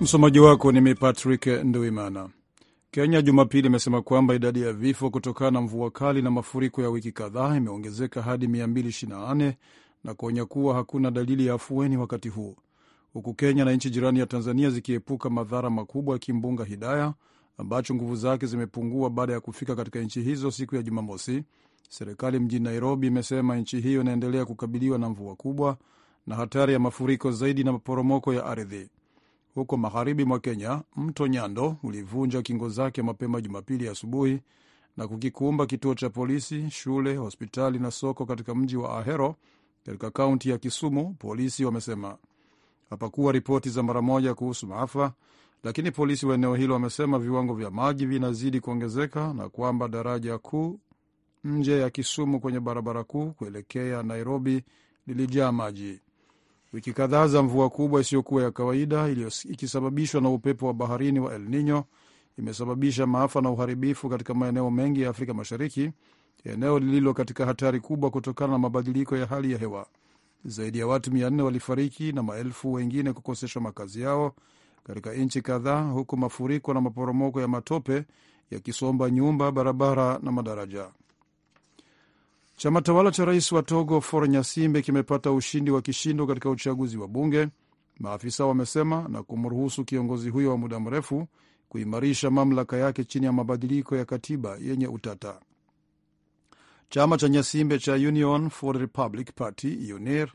Msomaji wako ni mi Patrick Nduimana. Kenya Jumapili imesema kwamba idadi ya vifo kutokana na mvua kali na mafuriko ya wiki kadhaa imeongezeka hadi 228 na kuonya kuwa hakuna dalili ya afueni wakati huu, huku Kenya na nchi jirani ya Tanzania zikiepuka madhara makubwa ya kimbunga Hidaya ambacho nguvu zake zimepungua baada ya kufika katika nchi hizo siku ya Jumamosi. Serikali mjini Nairobi imesema nchi hiyo inaendelea kukabiliwa na mvua kubwa na hatari ya mafuriko zaidi na maporomoko ya ardhi. Huko magharibi mwa Kenya, mto Nyando ulivunja kingo zake mapema Jumapili asubuhi na kukikumba kituo cha polisi, shule, hospitali na soko katika mji wa Ahero katika kaunti ya Kisumu. Polisi wamesema hapakuwa ripoti za mara moja kuhusu maafa, lakini polisi wa eneo hilo wamesema viwango vya maji vinazidi kuongezeka na kwamba daraja kuu nje ya Kisumu kwenye barabara kuu kuelekea Nairobi lilijaa maji. Wiki kadhaa za mvua kubwa isiyokuwa ya kawaida ikisababishwa na upepo wa baharini wa El Nino imesababisha maafa na uharibifu katika maeneo mengi ya Afrika Mashariki, eneo lililo katika hatari kubwa kutokana na mabadiliko ya hali ya hewa. Zaidi ya watu mia nne walifariki na maelfu wengine kukoseshwa makazi yao katika nchi kadhaa, huku mafuriko na maporomoko ya matope yakisomba nyumba, barabara na madaraja. Chama tawala cha rais wa Togo For Nyasimbe kimepata ushindi wa kishindo katika uchaguzi wa bunge, maafisa wamesema, na kumruhusu kiongozi huyo wa muda mrefu kuimarisha mamlaka yake chini ya mabadiliko ya katiba yenye utata. Chama cha Nyasimbe cha Union for Republic Party UNIR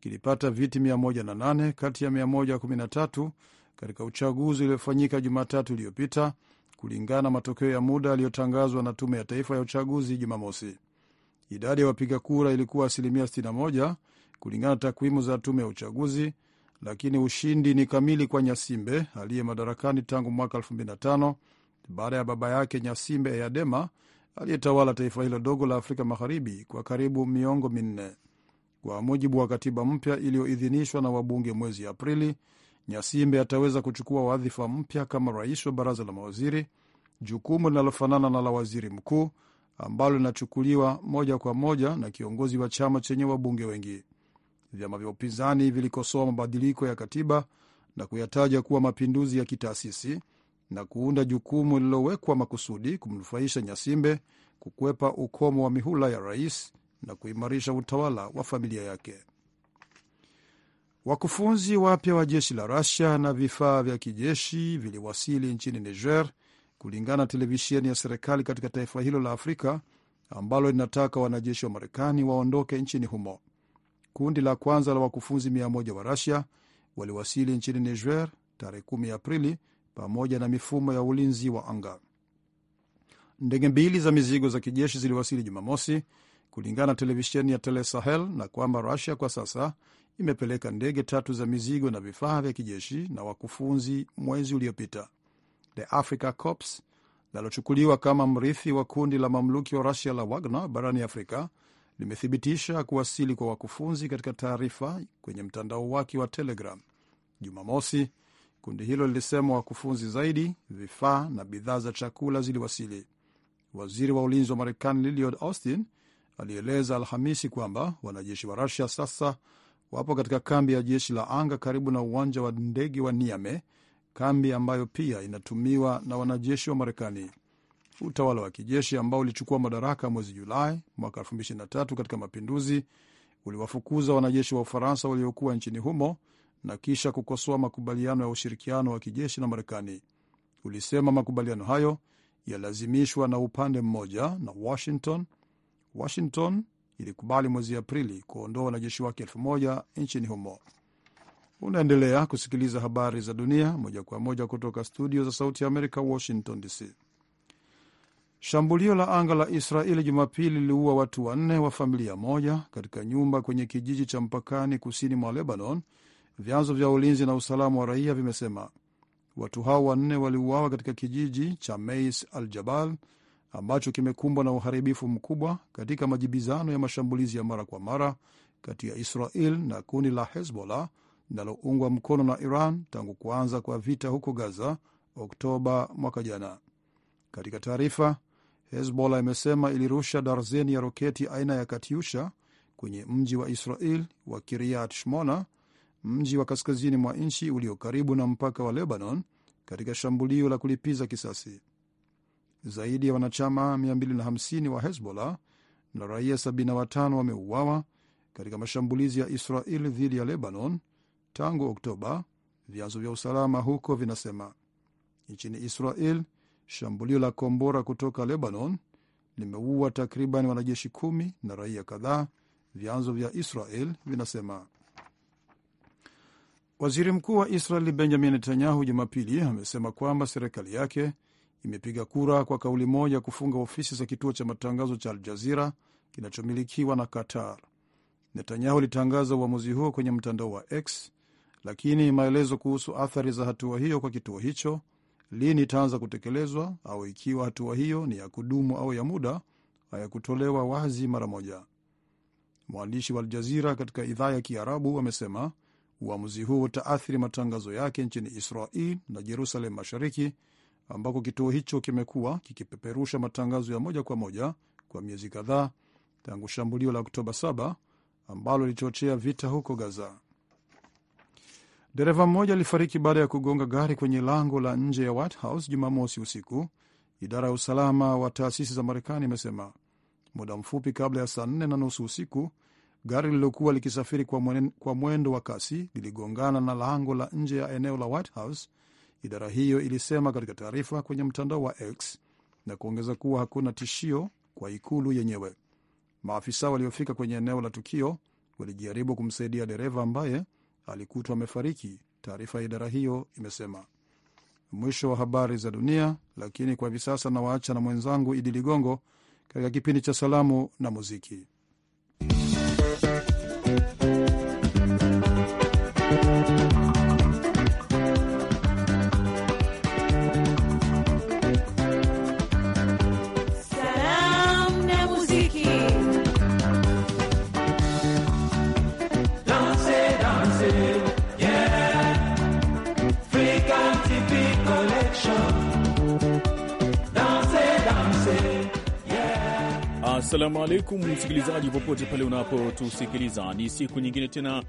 kilipata viti 108 kati ya 113 katika uchaguzi uliofanyika Jumatatu iliyopita kulingana na matokeo ya muda yaliyotangazwa na Tume ya Taifa ya Uchaguzi Jumamosi. Idadi ya wapiga kura ilikuwa asilimia 61 kulingana na takwimu za tume ya uchaguzi, lakini ushindi ni kamili kwa Nyasimbe aliye madarakani tangu mwaka 2005 baada ya baba yake Nyasimbe Eyadema aliyetawala taifa hilo dogo la Afrika Magharibi kwa karibu miongo minne. Kwa mujibu wa katiba mpya iliyoidhinishwa na wabunge mwezi Aprili, Nyasimbe ataweza kuchukua wadhifa mpya kama rais wa baraza la mawaziri, jukumu linalofanana na la waziri mkuu ambalo linachukuliwa moja kwa moja na kiongozi wa chama chenye wabunge wengi. Vyama vya upinzani vilikosoa mabadiliko ya katiba na kuyataja kuwa mapinduzi ya kitaasisi na kuunda jukumu lililowekwa makusudi kumnufaisha Nyasimbe kukwepa ukomo wa mihula ya rais na kuimarisha utawala wa familia yake. Wakufunzi wapya wa jeshi la rasia na vifaa vya kijeshi viliwasili nchini Niger kulingana na televisheni ya serikali katika taifa hilo la Afrika ambalo linataka wanajeshi wa Marekani waondoke nchini humo. Kundi la kwanza la wakufunzi mia moja wa Rasia waliwasili nchini Niger tarehe 10 Aprili pamoja na mifumo ya ulinzi wa anga. Ndege mbili za mizigo za kijeshi ziliwasili Jumamosi kulingana na televisheni ya Telesahel na kwamba Rusia kwa sasa imepeleka ndege tatu za mizigo na vifaa vya kijeshi na wakufunzi mwezi uliopita the Africa Corps linalochukuliwa kama mrithi wa kundi la mamluki wa Rusia la Wagner barani Afrika limethibitisha kuwasili kwa wakufunzi katika taarifa kwenye mtandao wake wa Telegram Jumamosi. Kundi hilo lilisema wakufunzi zaidi, vifaa na bidhaa za chakula ziliwasili. Waziri wa ulinzi wa Marekani Lloyd Austin alieleza Alhamisi kwamba wanajeshi wa Rusia sasa wapo katika kambi ya jeshi la anga karibu na uwanja wa ndege wa Niamey kambi ambayo pia inatumiwa na wanajeshi wa Marekani. Utawala wa kijeshi ambao ulichukua madaraka mwezi Julai mwaka 2023 katika mapinduzi uliwafukuza wanajeshi wa Ufaransa waliokuwa nchini humo na kisha kukosoa makubaliano ya ushirikiano wa kijeshi na Marekani. Ulisema makubaliano hayo yalazimishwa na upande mmoja na Washington. Washington ilikubali mwezi Aprili kuondoa wanajeshi wake elfu moja nchini humo. Unaendelea kusikiliza habari za dunia moja kwa moja kutoka studio za sauti ya Amerika, Washington DC. Shambulio la anga la Israeli Jumapili liliua watu wanne wa familia moja katika nyumba kwenye kijiji cha mpakani kusini mwa Lebanon, vyanzo vya ulinzi na usalama wa raia vimesema. Watu hao wanne waliuawa katika kijiji cha meis Al Jabal ambacho kimekumbwa na uharibifu mkubwa katika majibizano ya mashambulizi ya mara kwa mara kati ya Israel na kundi la Hezbollah linaloungwa mkono na Iran tangu kuanza kwa vita huko Gaza Oktoba mwaka jana. Katika taarifa, Hezbollah imesema ilirusha darzeni ya roketi aina ya Katyusha kwenye mji wa Israel wa Kiryat Shmona, mji wa kaskazini mwa nchi ulio karibu na mpaka wa Lebanon, katika shambulio la kulipiza kisasi. Zaidi ya wanachama 250 wa Hezbollah na raia 75 wameuawa katika mashambulizi ya Israel dhidi ya Lebanon tangu Oktoba, vyanzo vya usalama huko vinasema. Nchini Israel, shambulio la kombora kutoka Lebanon limeua takriban wanajeshi kumi na raia kadhaa, vyanzo vya Israel vinasema. Waziri mkuu wa israel Benjamin Netanyahu Jumapili amesema kwamba serikali yake imepiga kura kwa kauli moja kufunga ofisi za kituo cha matangazo cha Aljazira kinachomilikiwa na Qatar. Netanyahu alitangaza uamuzi huo kwenye mtandao wa X lakini maelezo kuhusu athari za hatua hiyo kwa kituo hicho, lini itaanza kutekelezwa au ikiwa hatua hiyo ni ya kudumu au ya muda, hayakutolewa wazi mara moja. Mwandishi wa Aljazira katika idhaa ya Kiarabu amesema uamuzi huo utaathiri matangazo yake nchini Israel na Jerusalem Mashariki, ambako kituo hicho kimekuwa kikipeperusha matangazo ya moja kwa moja kwa miezi kadhaa tangu shambulio la Oktoba 7 ambalo lilichochea vita huko Gaza. Dereva mmoja alifariki baada ya kugonga gari kwenye lango la nje ya White House Jumamosi usiku, idara ya usalama wa taasisi za Marekani imesema. Muda mfupi kabla ya saa nne na nusu usiku, gari lililokuwa likisafiri kwa mwendo wa kasi liligongana na lango la nje ya eneo la White House, idara hiyo ilisema katika taarifa kwenye mtandao wa X na kuongeza kuwa hakuna tishio kwa ikulu yenyewe. Maafisa waliofika kwenye eneo la tukio walijaribu kumsaidia dereva ambaye alikutwa amefariki, taarifa ya idara hiyo imesema. Mwisho wa habari za dunia, lakini kwa hivi sasa nawaacha na mwenzangu Idi Ligongo katika kipindi cha salamu na muziki. Assalamu alaikum msikilizaji, popote pale unapotusikiliza, ni siku nyingine tena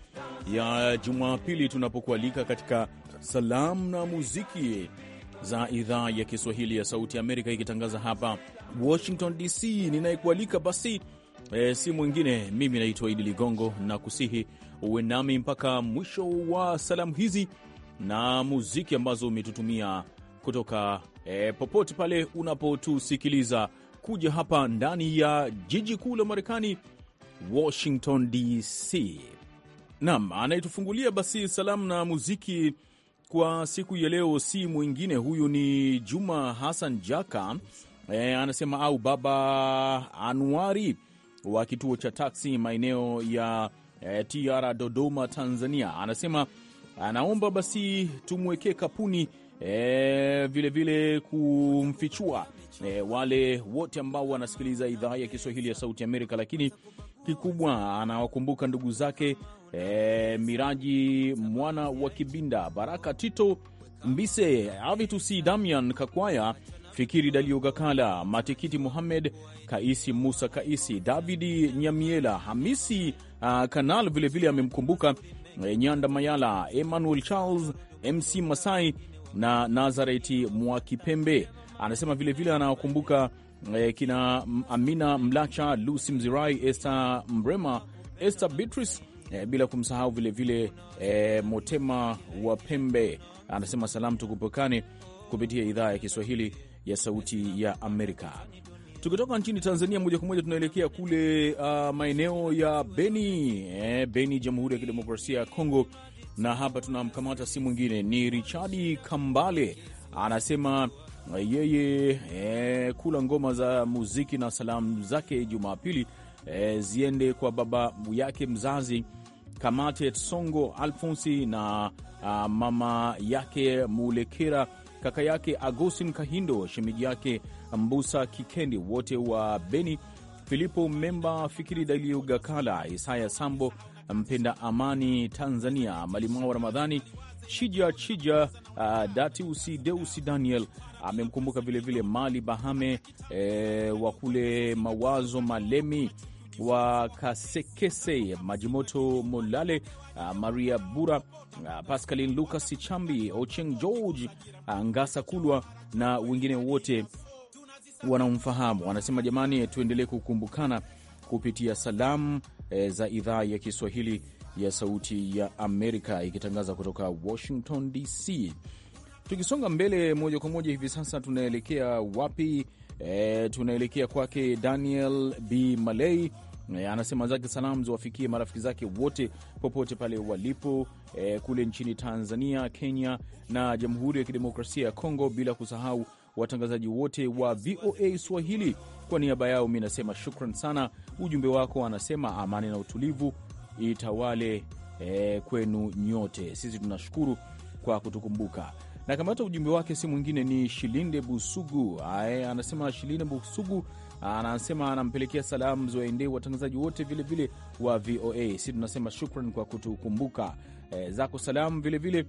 ya Jumapili tunapokualika katika salamu na muziki za idhaa ya Kiswahili ya Sauti Amerika, ikitangaza hapa Washington DC. Ninayekualika basi e, si mwingine, mimi naitwa Idi Ligongo na kusihi uwe nami mpaka mwisho wa salamu hizi na muziki ambazo umetutumia kutoka e, popote pale unapotusikiliza kuja hapa ndani ya jiji kuu la Marekani, Washington DC. Nam anayetufungulia basi salamu na muziki kwa siku ya leo si mwingine, huyu ni Juma Hassan Jaka. E, anasema au baba Anuari wa kituo cha taksi maeneo ya e, TR Dodoma, Tanzania. Anasema anaomba basi tumwekee kapuni vilevile vile kumfichua e, wale wote ambao wanasikiliza idhaa ya Kiswahili ya Sauti Amerika, lakini kikubwa anawakumbuka ndugu zake e, Miraji mwana wa Kibinda, Baraka Tito Mbise, Avitusi Damian Kakwaya, Fikiri Dalio Gakala, Matikiti Muhammed, Kaisi Musa Kaisi, Davidi Nyamiela, Hamisi uh, Kanal vilevile amemkumbuka e, Nyanda Mayala, Emmanuel Charles, MC Masai na Nazareti Mwakipembe anasema vilevile anawakumbuka eh, kina Amina Mlacha, Lucy Mzirai, Esther Mrema, Esther Beatrice, eh, bila kumsahau vilevile eh, Motema wa Pembe. Anasema salamu tukupokane kupitia idhaa ya Kiswahili ya Sauti ya Amerika. Tukitoka nchini Tanzania moja kwa moja tunaelekea kule uh, maeneo ya Beni, eh, Beni, Jamhuri ya Kidemokrasia ya Kongo na hapa tunamkamata si mwingine ni Richadi Kambale, anasema yeye e, kula ngoma za muziki na salamu zake Jumapili e, ziende kwa baba yake mzazi Kamate Tsongo Alfonsi na a, ah, mama yake Mulekera, kaka yake Agostin Kahindo, shemeji yake Mbusa Kikendi, wote wa Beni, Filipo Memba, Fikiri Dalio Gakala, Isaya Sambo mpenda amani Tanzania, Malimao Ramadhani, Chija Chija, uh, Datiusi Deusi Daniel amemkumbuka vilevile Mali Bahame e, wa kule Mawazo Malemi wa Kasekese, Majimoto Molale, uh, Maria Bura, uh, Pascalin Lucas Chambi, Ocheng George, uh, Ngasa Kulwa na wengine wote wanaomfahamu. Wanasema jamani, tuendelee kukumbukana kupitia salamu e, za idhaa ya Kiswahili ya Sauti ya Amerika ikitangaza kutoka Washington DC. Tukisonga mbele moja kwa moja hivi sasa tunaelekea wapi? E, tunaelekea kwake Daniel B Malei. E, eh, anasema zake salamu ziwafikie marafiki zake wote popote pale walipo e, kule nchini Tanzania, Kenya na Jamhuri ya Kidemokrasia ya Kongo, bila kusahau watangazaji wote wa VOA Swahili. Kwa niaba yao mi nasema shukran sana. Ujumbe wako anasema amani na utulivu itawale e, kwenu nyote. Sisi tunashukuru kwa kutukumbuka. Na kamata ujumbe wake si mwingine ni Shilinde Busugu. Ae, anasema Shilinde Busugu anasema anampelekea salamu ziwaendee watangazaji wote vilevile vile wa VOA. Si tunasema shukran kwa kutukumbuka. E, zako salamu vilevile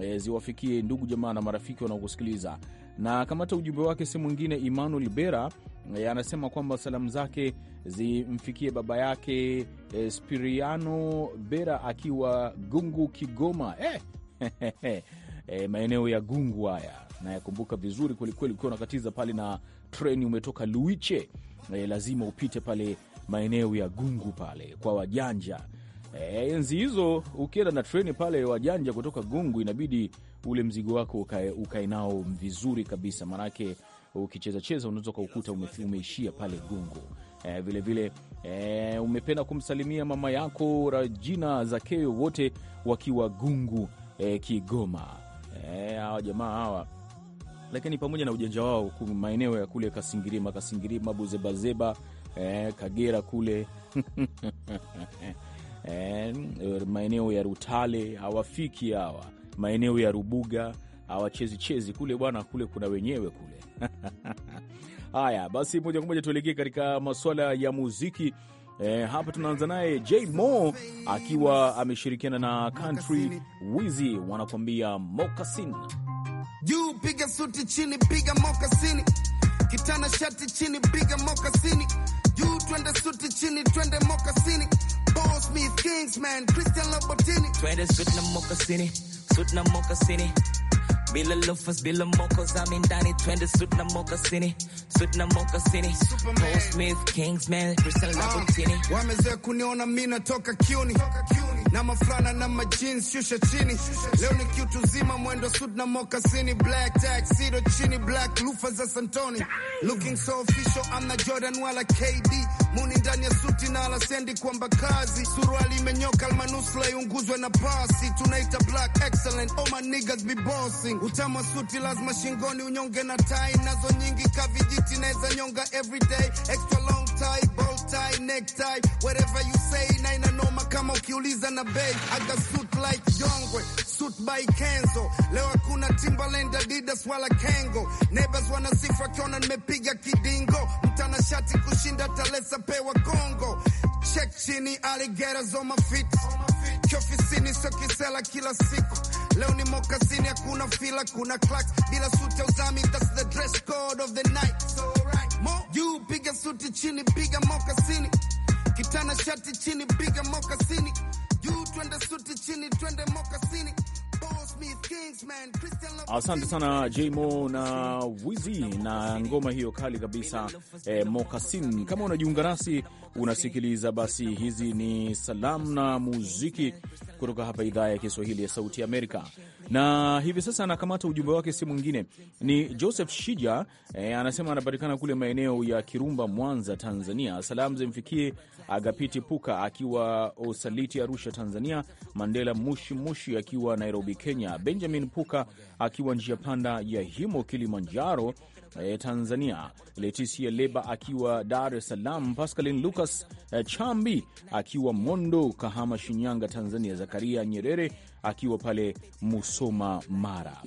e, eh, ziwafikie ndugu jamaa na marafiki wanaokusikiliza na kamata ujumbe wake si mwingine Emmanuel Bera eh, anasema kwamba salamu zake zimfikie baba yake e, Spiriano Bera akiwa Gungu, Kigoma eh, e, maeneo ya Gungu haya nayakumbuka vizuri kwelikweli. Ukiwa unakatiza pale na treni umetoka Luiche e, lazima upite pale maeneo ya Gungu pale kwa wajanja Eh, enzi hizo ukienda na treni pale Wajanja kutoka Gungu inabidi ule mzigo wako ukae, ukae nao vizuri kabisa, maanake ukichezacheza unaweza ukaukuta umeishia pale Gungu. Eh, e, vilevile e, eh, umependa kumsalimia mama yako Rajina Zakeo, wote wakiwa Gungu e, Kigoma. Hawa e, jamaa hawa lakini pamoja na ujanja wao maeneo ya kule Kasingirima, Kasingirima, Buzebazeba, eh, Kagera kule eh, maeneo ya Rutale hawafiki hawa, maeneo ya Rubuga chezi kule bwana, kule kuna wenyewe kule haya basi, moja kwa moja tuelekee katika masuala ya muziki. E, hapa tunaanza naye J Mo akiwa ameshirikiana na Country Wizi, wanakuambia mokasini. Juu piga suti, chini piga mokasini, kitana shati chini piga mokasini, juu twende suti, chini twende mokasini Smith, Kingsman, Christian Lobatini. Ah. Twende suit na mokasini, suit na mokasini. Bila loafers, bila mocos, I'm in Danny. Twende suit na mokasini, suit na mokasini. Paul Smith, Kingsman, Christian Lobatini. Wameze kuniona mimi natoka kioni na mafrana na majins shusha chini. Leo ni kitu zima, mwendo suit na mokasini, black tag sido chini, black lufa za Santoni, looking so official. I'm not Jordan wala KD, muni ndani ya suti na sendi kwamba kazi, suruali imenyoka almanusla iunguzwe na pasi, tunaita black excellent. All my niggas be bossing, utama suti lazima shingoni, unyonge na tai nazo nyingi, kavijiti naweza nyonga everyday extra long tie, bow tie, necktie, whatever you say, na ina noma kama ukiuliza na bei, got suit like Yongwe, suit by Kenzo. Leo kuna Timberland, Adidas wala Kango. Neighbors wanasifu akiona nimepiga kidingo, Mtana shati kushinda talesa pewa Kongo. Check chini alligators on my feet kiofisini sio kisela kila siku. Leo ni mokasini, hakuna fila, kuna clack bila suti ya uzami, that's the dress code of the night. So right, mo juu piga suti, chini piga mokasini, kitana shati chini piga mokasini, juu twende suti, chini twende mokasini Asante sana Jmo na Wizi na ngoma hiyo kali kabisa eh, Mokasin. Kama unajiunga nasi unasikiliza, basi hizi ni salamu na muziki kutoka hapa idhaa ya Kiswahili ya Sauti Amerika, na hivi sasa anakamata ujumbe wake, si mwingine ni Joseph Shija eh, anasema anapatikana kule maeneo ya Kirumba, Mwanza, Tanzania. Salamu zimfikie Agapiti Puka akiwa Osaliti, Arusha, Tanzania, Mandela Mushi Mushi akiwa Nairobi, Kenya, Benjamin Puka akiwa njia panda ya Himo, Kilimanjaro, eh, Tanzania, Leticia Leba akiwa Dar es Salaam, Pascalin Lucas eh, Chambi akiwa Mondo, Kahama, Shinyanga, Tanzania, Zakaria Nyerere akiwa pale Musoma, Mara.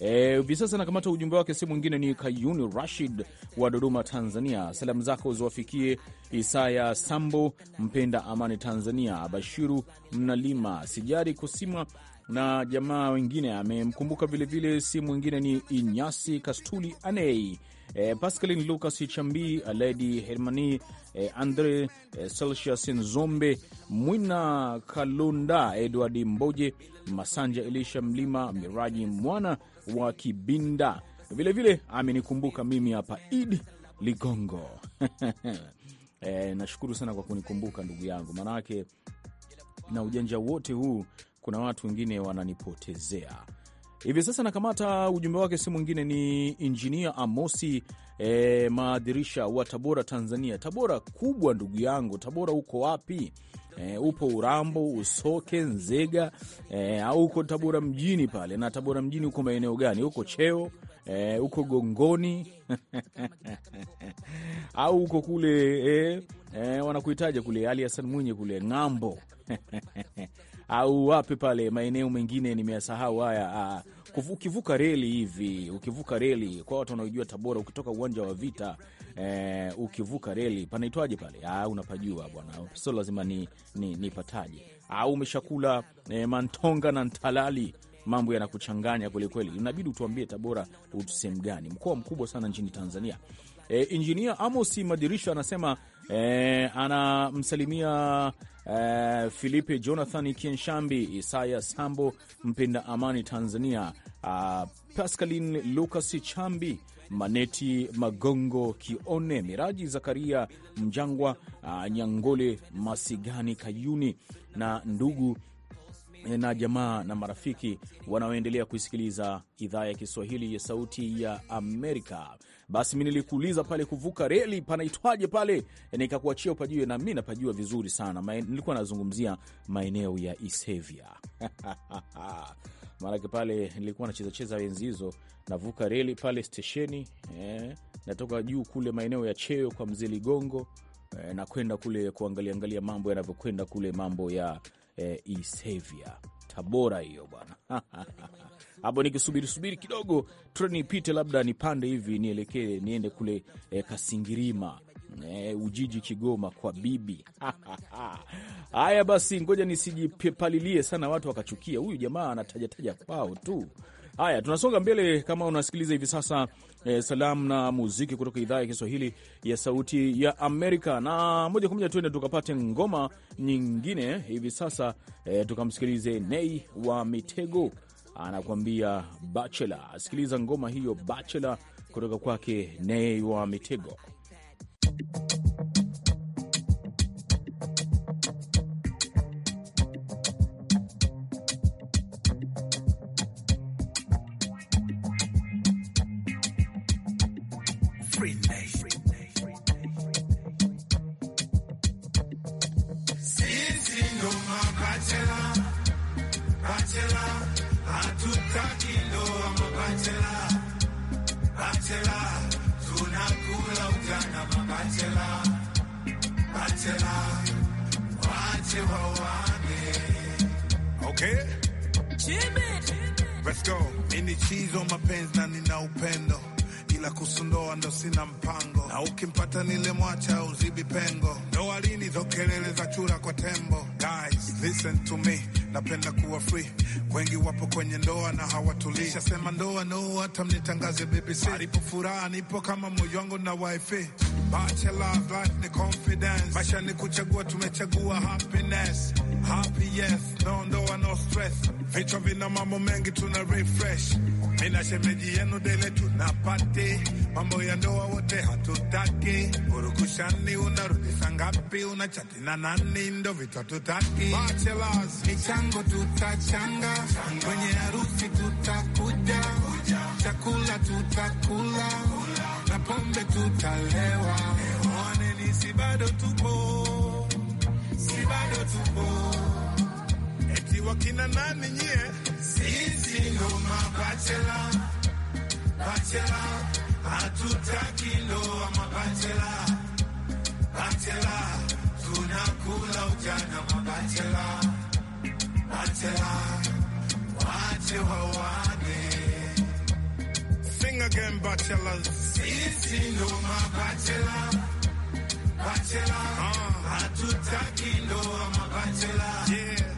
E, hivi e, sasa anakamata ujumbe wake. Si mwingine ni Kayuni Rashid wa Dodoma, Tanzania. Salamu zako ziwafikie Isaya Sambo, Mpenda Amani Tanzania, Bashiru Mnalima, Sijari Kusima na jamaa wengine. Amemkumbuka vilevile, si mwingine ni Inyasi Kastuli Anei, e, Pascalin Lucas Chambi, Aledi Hermani, e, Andre e, Celsius Nzombe, Mwina Kalunda, Edward Mboje, Masanja Elisha Mlima, Miraji Mwana wa Kibinda. Vilevile amenikumbuka mimi hapa Id Ligongo. E, nashukuru sana kwa kunikumbuka ndugu yangu, maanake na ujanja wote huu kuna watu wengine wananipotezea. Hivi sasa nakamata ujumbe wake, si mwingine ni injinia Amosi e, maadirisha wa Tabora, Tanzania. Tabora kubwa, ndugu yangu. Tabora uko wapi? E, upo Urambo, Usoke, Nzega e, au uko Tabora mjini pale? Na Tabora mjini uko maeneo gani? Uko Cheo e, uko Gongoni au uko kule e, e, wanakuhitaja kule Ali Hasan mwinye kule ng'ambo au wapi pale maeneo mengine nimeyasahau haya. Ah, ukivuka reli hivi, ukivuka reli kwa watu wanaojua Tabora, ukitoka uwanja wa vita e, ukivuka reli panaitwaje pale? Ah, unapajua bwana, sio lazima ni, ni, nipataje? Au umeshakula e, mantonga na ntalali mambo yanakuchanganya kwelikweli, inabidi utuambie Tabora utu sehemu gani? Mkoa mkubwa sana nchini Tanzania. E, eh, Injinia Amosi Madirisha anasema eh, anamsalimia eh, Jonathan Kienshambi, Isaya Sambo, mpenda amani Tanzania, ah, Pascalin Lucas Chambi, Maneti Magongo, Kione Miraji, Zakaria Mjangwa, ah, Nyangole Masigani Kayuni na ndugu eh, na jamaa na marafiki wanaoendelea kuisikiliza idhaa ya Kiswahili ya Sauti ya Amerika. Basi mi nilikuuliza pale kuvuka reli panaitwaje pale, nikakuachia upajue, na mi napajua vizuri sana. Ma, nilikuwa nazungumzia maeneo ya Isevia maanake pale nilikuwa nachezacheza enzi hizo, navuka reli pale stesheni eh, natoka juu kule maeneo ya cheo kwa mzee Ligongo eh, nakwenda kule kuangalia angalia mambo yanavyokwenda kule mambo ya eh, Isevia Tabora hiyo bwana hapo nikisubiri subiri kidogo treni ipite, labda nipande hivi nielekee niende kule eh, Kasingirima eh, Ujiji, Kigoma kwa bibi. Haya basi, ngoja nisijipalilie sana, watu wakachukia huyu jamaa anatajataja kwao tu. Haya, tunasonga mbele. Kama unasikiliza hivi sasa e, salamu na muziki kutoka idhaa ya Kiswahili ya Sauti ya Amerika, na moja kwa moja tuende tukapate ngoma nyingine hivi sasa e, tukamsikilize Nei wa Mitego anakuambia bachela. Sikiliza ngoma hiyo bachela kutoka kwake Nei wa Mitego. Watema, chizo mapenzi na nina upendo ila kusundoa ndo sina mpango, na ukimpata nile mwacha uzibi pengo. Ndoa lini? Hizo za chura kwa tembo. Guys, listen to me napenda kuwa free. Wengi wapo kwenye ndoa na hawatulii, shasema ndoa no, hata mnitangaze BBC. Alipo furaha nipo kama moyo wangu na wife. Bachelor of life ni confidence, maisha ni kuchagua, tumechagua happiness. Happy yes, no ndoa no stress vichwa vina mambo mengi, tuna refresh. Mina shemeji yenu dele tunapate mambo ya ndoa, wote hatutaki urukushani. Unarudi saa ngapi? Unachati na nani? Ndo vitu hatutaki. Michango tutachanga, kwenye harusi tutakuja, chakula tutakula na pombe tutalewa. Mwaneni, si bado tupo, si bado tupo ni wakina nani nyie? Sisi ndo mabachela, bachela, hatutaki ndoa mabachela, bachela, tunakula ujana mabachela, bachela, wache wawane. Sing again, bachelors. Sisi ndo mabachela, bachela, ah. hatutaki ndoa mabachela, yeah.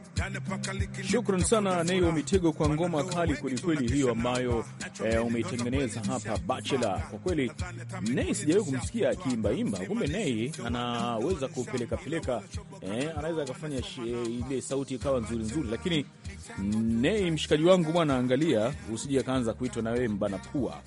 Shukran sana Neo Mitego kwa ngoma kali kwelikweli hiyo ambayo eh, umeitengeneza hapa Bachela. Kwa kweli Nei sijawahi kumsikia akiimbaimba, kumbe Nei anaweza kupelekapeleka eh, anaweza akafanya eh, ile sauti ikawa nzuri nzuri. Lakini Nei mshikaji wangu bwana, angalia usije akaanza kuitwa na wewe mbana pua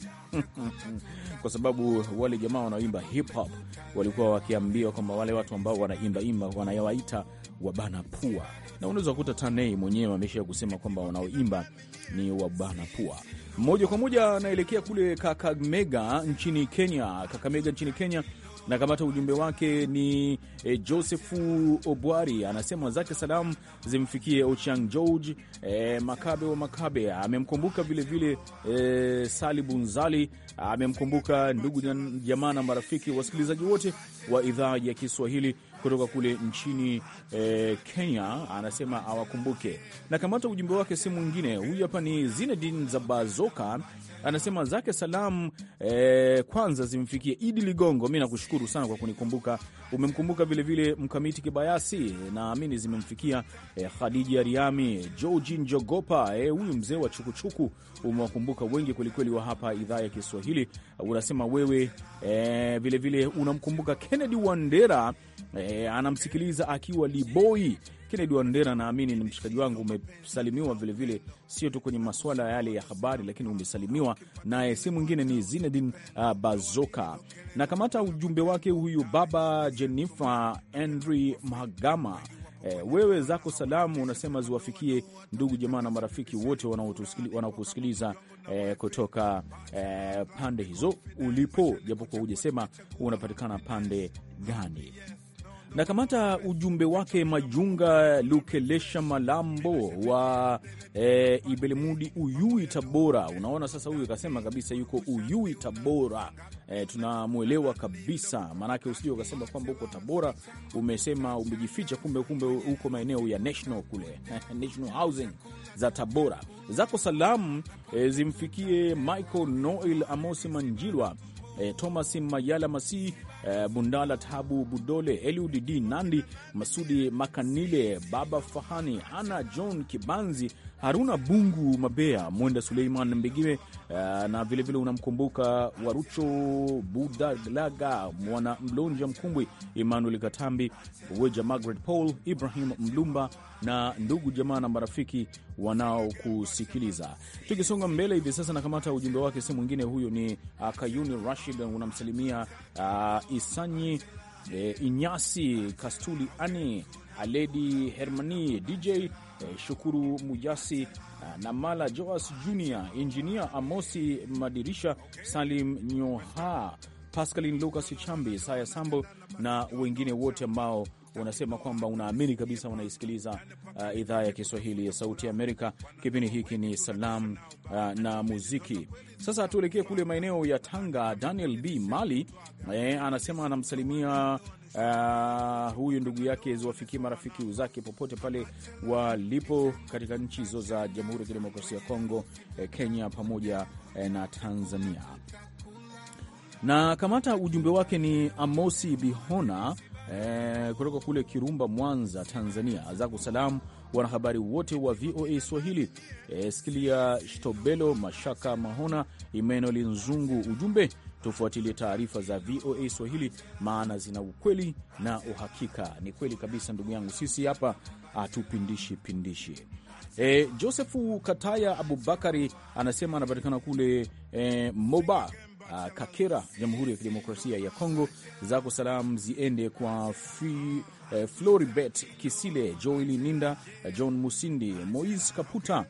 kwa sababu wale jamaa wanaoimba hip hop walikuwa wakiambiwa kwamba wale watu ambao wanaimbaimba wanawaita wabana pua, na unaweza kukuta Tanei mwenyewe ameishia kusema kwamba wanaoimba ni wabana pua. Moja kwa moja anaelekea kule Kakamega nchini Kenya. Kakamega nchini Kenya na kamata ujumbe wake ni e, Josefu Obwari anasema zake salamu zimfikie Ochiang George e, Makabe wa Makabe amemkumbuka vilevile e, Salibunzali amemkumbuka ndugu jamaa na marafiki wasikilizaji wote wa idhaa ya Kiswahili kutoka kule nchini eh, Kenya anasema awakumbuke na kamata ujumbe wake. Si mwingine huyu hapa ni Zinedine Zabazoka anasema zake salamu eh, kwanza zimfikie Idi Ligongo. Mi nakushukuru sana kwa kunikumbuka, umemkumbuka vilevile Mkamiti Kibayasi, naamini zimemfikia eh, Khadija Riami, Georgi Njogopa, eh, huyu eh, mzee wa Chukuchuku. Umewakumbuka wengi kwelikweli wa hapa idhaa ya Kiswahili. Unasema wewe vilevile eh, vile unamkumbuka Kennedy Wandera eh, anamsikiliza akiwa Liboi Kennedy Wandera, naamini ni mshikaji wangu, umesalimiwa vilevile, sio tu kwenye maswala yale ya habari, lakini umesalimiwa naye, si mwingine ni Zinedine uh, Bazoka. Na kamata ujumbe wake huyu baba Jennifer Andrew magama E, wewe zako salamu unasema ziwafikie ndugu jamaa na marafiki wote wanaokusikiliza e, kutoka e, pande hizo ulipo, japokuwa hujasema unapatikana pande gani na kamata ujumbe wake Majunga Lukelesha Malambo wa e, eh, Ibelemudi Uyui Tabora. Unaona sasa, huyu akasema kabisa yuko Uyui Tabora. E, eh, tunamwelewa kabisa, maanake usije ukasema kwamba huko Tabora umesema umejificha, kumbe kumbe uko maeneo ya national kule national housing za Tabora. Zako salamu e, zimfikie Michael Noel Amosi Manjilwa, e, Thomas Mayala masi Eh, Bundala Tabu Budole, Eliud D Nandi, Masudi Makanile, Baba Fahani, ana John Kibanzi Haruna Bungu Mabea, Mwenda Suleiman Mbegime eh, na vilevile unamkumbuka Warucho Budalaga, Mwana Mlonja Mkumbwi, Emmanuel Katambi, Weja Margaret Paul, Ibrahim Mlumba na ndugu jamaa na marafiki wanaokusikiliza. Tukisonga mbele hivi sasa, nakamata ujumbe wake, si mwingine huyo ni ah, Kayuni Rashid, unamsalimia uh, ah, Isanyi eh, Inyasi Kastuli ani Aledi Hermani, DJ eh, Shukuru Mujasi eh, na Mala Joas Jr, Injinia Amosi Madirisha, Salim Nyoha, Pascalin Lucas Chambi, Saya Sambo na wengine wote ambao wanasema kwamba unaamini kabisa wanaisikiliza uh, idhaa ya Kiswahili ya Sauti ya Amerika. Kipindi hiki ni salamu uh, na muziki. Sasa tuelekee kule maeneo ya Tanga. Daniel B Mali eh, anasema anamsalimia uh, huyu ndugu yake ziwafikie marafiki zake popote pale walipo katika nchi hizo za Jamhuri ya Kidemokrasia ya Kongo, eh, Kenya pamoja eh, na Tanzania. Na kamata ujumbe wake ni Amosi Bihona eh, kutoka kule Kirumba, Mwanza, Tanzania. Zako salamu wanahabari wote wa VOA Swahili. Eh, sikilia Shtobelo Mashaka Mahona Emmanuel Nzungu. Ujumbe tufuatilie taarifa za VOA Swahili, maana zina ukweli na uhakika. Ni kweli kabisa, ndugu yangu, sisi hapa hatupindishi pindishi. E, Josefu Kataya Abubakari anasema anapatikana kule e, Moba a, Kakera, Jamhuri ya Kidemokrasia ya Kongo. Zako salamu ziende kwa free, e, Floribet Kisile, Joeli Ninda, John Musindi, Mois Kaputa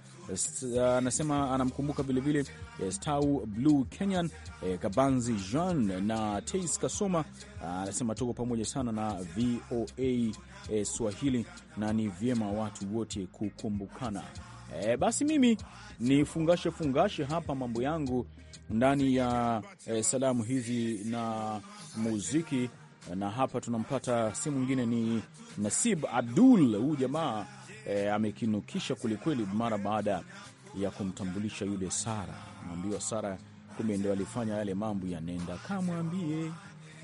Uh, anasema anamkumbuka vilevile Stau Blue Kenyan eh, Kabanzi Jean na Tais Kasoma. Uh, anasema tuko pamoja sana na VOA eh, Swahili na ni vyema watu wote kukumbukana. E, basi mimi ni fungashe fungashe hapa mambo yangu ndani ya e, salamu hizi na muziki, na hapa tunampata, si mwingine ni Nasib Abdul, huu jamaa e, amekinukisha kwelikweli mara baada ya kumtambulisha yule Sara. Naambiwa Sara kumbe ndo alifanya yale mambo ya nenda kamwambie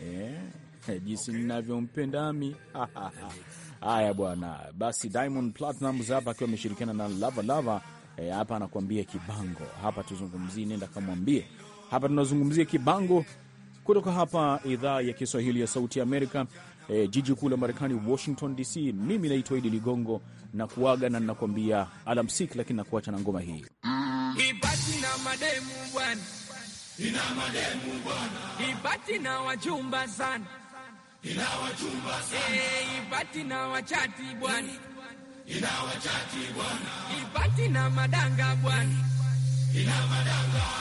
e, jinsi ninavyompendami haya bwana. Basi Diamond Platnumz hapa akiwa ameshirikiana na Lava Lava e, anakuambia kibango. Hapa tuzungumzie nenda kamwambie, hapa tunazungumzia kibango kutoka hapa idhaa ya Kiswahili ya Sauti ya Amerika e, jiji kuu la Marekani, Washington DC. Mimi naitwa Idi Ligongo na kuaga na ninakuambia alamsiki, lakini nakuacha na ngoma hii ibati na mademu bwana, ina mademu bwana, ibati na sana, ina sana, eh, ibati na wachati bwana, ina wachati bwana, ibati na madanga bwana, ina madanga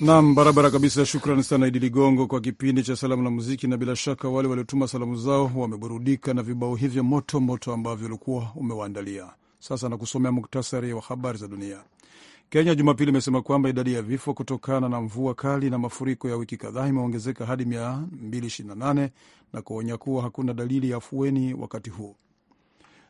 Nam, barabara kabisa. Shukrani sana Idi Ligongo kwa kipindi cha salamu na muziki, na bila shaka wale waliotuma salamu zao wameburudika na vibao hivyo moto moto ambavyo ulikuwa umewaandalia. Sasa nakusomea muktasari wa habari za dunia. Kenya Jumapili imesema kwamba idadi ya vifo kutokana na mvua kali na mafuriko ya wiki kadhaa imeongezeka hadi 228 na kuonya kuwa hakuna dalili ya afueni wakati huu.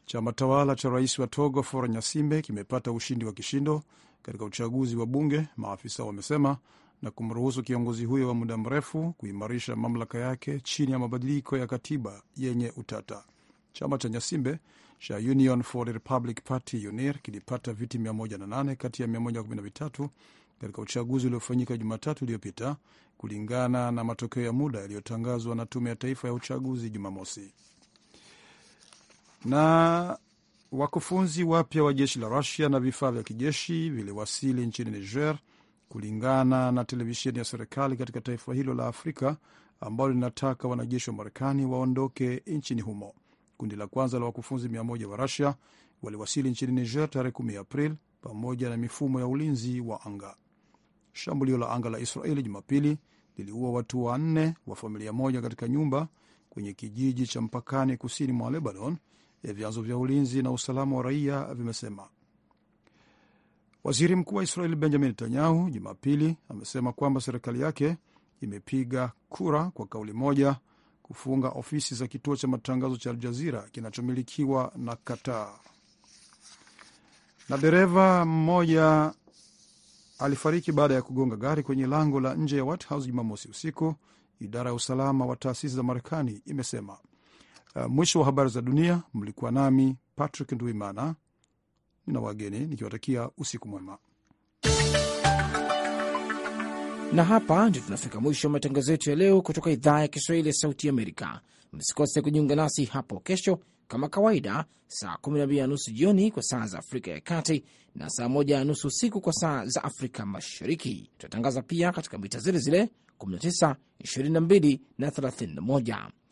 Chama tawala cha rais wa Togo Faure kimepata ushindi wa kishindo katika uchaguzi wa bunge, maafisa wamesema, na kumruhusu kiongozi huyo wa muda mrefu kuimarisha mamlaka yake chini ya mabadiliko ya katiba yenye utata. Chama cha Nyasimbe cha Union for the Republic Party UNIR kilipata viti 108 kati ya 113 katika uchaguzi uliofanyika Jumatatu iliyopita kulingana na matokeo ya muda yaliyotangazwa na Tume ya Taifa ya Uchaguzi Jumamosi. Na Wakufunzi wapya wa jeshi la Rusia na vifaa vya kijeshi viliwasili nchini Niger, kulingana na televisheni ya serikali katika taifa hilo la Afrika ambalo linataka wanajeshi wa Marekani waondoke nchini humo. Kundi la kwanza la wakufunzi 100 wa Rusia waliwasili nchini Niger tarehe kumi Aprili pamoja na mifumo ya ulinzi wa anga. Shambulio la anga la Israeli Jumapili liliua watu wanne wa familia moja katika nyumba kwenye kijiji cha mpakani kusini mwa Lebanon, ya vyanzo vya ulinzi na usalama wa raia vimesema. Waziri mkuu wa Israeli Benjamin Netanyahu Jumapili amesema kwamba serikali yake imepiga kura kwa kauli moja kufunga ofisi za kituo cha matangazo cha Aljazira kinachomilikiwa na Qatar. Na dereva mmoja alifariki baada ya kugonga gari kwenye lango la nje ya White House Jumamosi usiku, idara ya usalama wa taasisi za Marekani imesema. Uh, mwisho wa habari za dunia. Mlikuwa nami Patrick nduimana nina wageni nikiwatakia usiku mwema. Na hapa ndio tunafika mwisho wa matangazo yetu ya leo kutoka idhaa ya Kiswahili ya Sauti Amerika. Msikose kujiunga nasi hapo kesho kama kawaida, saa 12 na nusu jioni kwa saa za Afrika ya Kati na saa 1 na nusu usiku kwa saa za Afrika Mashariki. tunatangaza pia katika mita zile zile 19, 22 na 31.